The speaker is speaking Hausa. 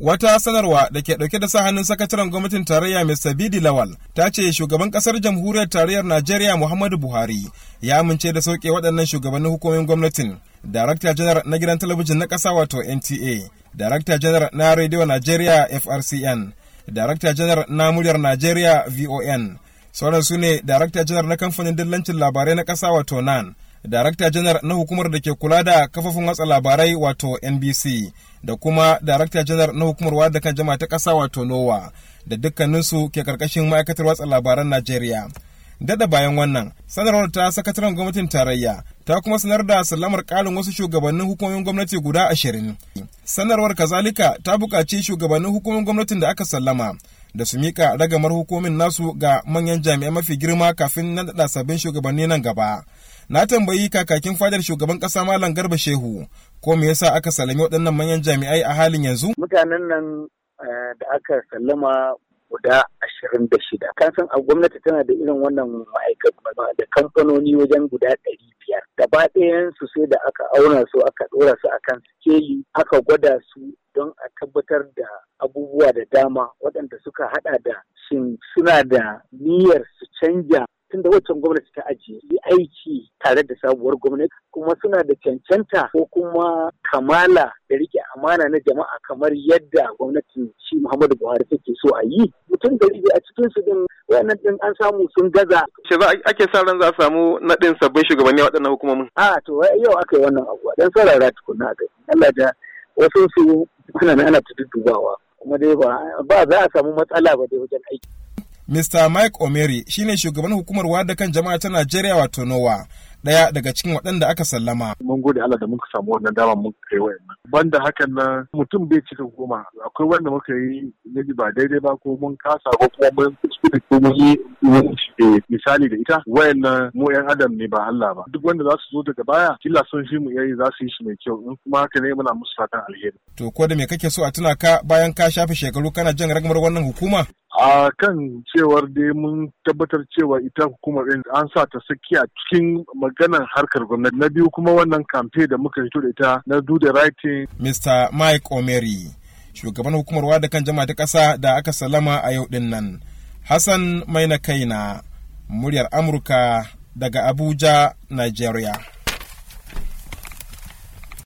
Wata sanarwa da ke ɗauke da sa hannun sakataren gwamnatin tarayya Mr. Bidi Lawal ta ce shugaban ƙasar jamhuriyar tarayyar Najeriya Muhammadu Buhari ya amince da sauke waɗannan shugabannin hukumomin gwamnatin. Darakta janar na gidan talabijin na ƙasa wato NTA, Darakta janar na rediyo Najeriya FRCN, Darakta janar na muryar Najeriya VON, sauran su ne Darakta janar na kamfanin dillancin labarai na ƙasa wato NAN, darakta janar na hukumar da ke kula da kafafun watsa labarai wato NBC da kuma darakta janar na hukumar wadda kan jama'a ta ƙasa wato NOWA da dukkaninsu ke karkashin ma'aikatar watsa labaran Najeriya. Dada bayan wannan, sanarwar ta sakataren gwamnatin tarayya ta kuma sanar da sallamar ƙarin wasu shugabannin hukumomin gwamnati guda ashirin. sanarwar kazalika ta buƙaci shugabannin hukumar gwamnatin da aka sallama da su mika ragamar hukumin nasu ga manyan jami'ai mafi girma kafin na daɗa sabbin shugabanni nan gaba na tambayi kakakin fadar shugaban ƙasa malam garba shehu ko me yasa aka sallami waɗannan manyan jami'ai a halin yanzu mutanen nan eh, da aka sallama guda ashirin da shida kan san a gwamnati tana da irin wannan ma'aikatu da kamfanoni wajen guda ɗari biyar gaba ɗayansu sai da aka auna su aka ɗora su a akan sikeli aka gwada su don a tabbatar da abubuwa da dama waɗanda suka haɗa da shin suna da niyyar su canja tunda waccan gwamnati ta ajiye yi aiki tare da sabuwar gwamnati kuma suna da cancanta ko kuma kamala da rike amana na jama'a kamar yadda gwamnatin shi Muhammadu Buhari take so a yi mutum gari a cikin su din wayannan din an samu sun gaza. Shi za ake sa ran za a samu naɗin sabbin shugabanni a waɗannan hukumomin. A to yau aka yi wannan abuwa dan sarara tukuna a Allah da wasu su ana ana kuma dai ba za a samu matsala ba dai wajen aiki. Mr. Mike Omeri shine shugaban hukumar wadakan jama'a ta Najeriya wato NOWA. ɗaya daga cikin waɗanda aka sallama. Mun gode Allah da muka samu wannan dama mun kai wayannan. Banda hakan na mutum bai cika goma akwai wanda muka yi na ba daidai ba ko mun kasa ko kuma mun kuskure ko mun yi eh, misali da ita wayannan mu yan adam ne ba Allah ba. Duk wanda za su zo daga baya kila sun shi mu yayi za su yi shi mai kyau in kuma haka ne muna musu fatan alheri. To ko da me kake so a tuna ka bayan ka shafe shekaru kana jan ragamar wannan hukuma? a kan cewar dai mun tabbatar cewa ita hukumar ɗin an sa ta sakiya cikin maganar harkar gwamnati na biyu kuma wannan kamfe da muka fito da ita na do the right thing. Mr. Mike Omeri, shugaban hukumar wada kan jama'a ta ƙasa da aka salama a yau ɗin nan. Hassan Maina na muryar Amurka daga Abuja, Nigeria.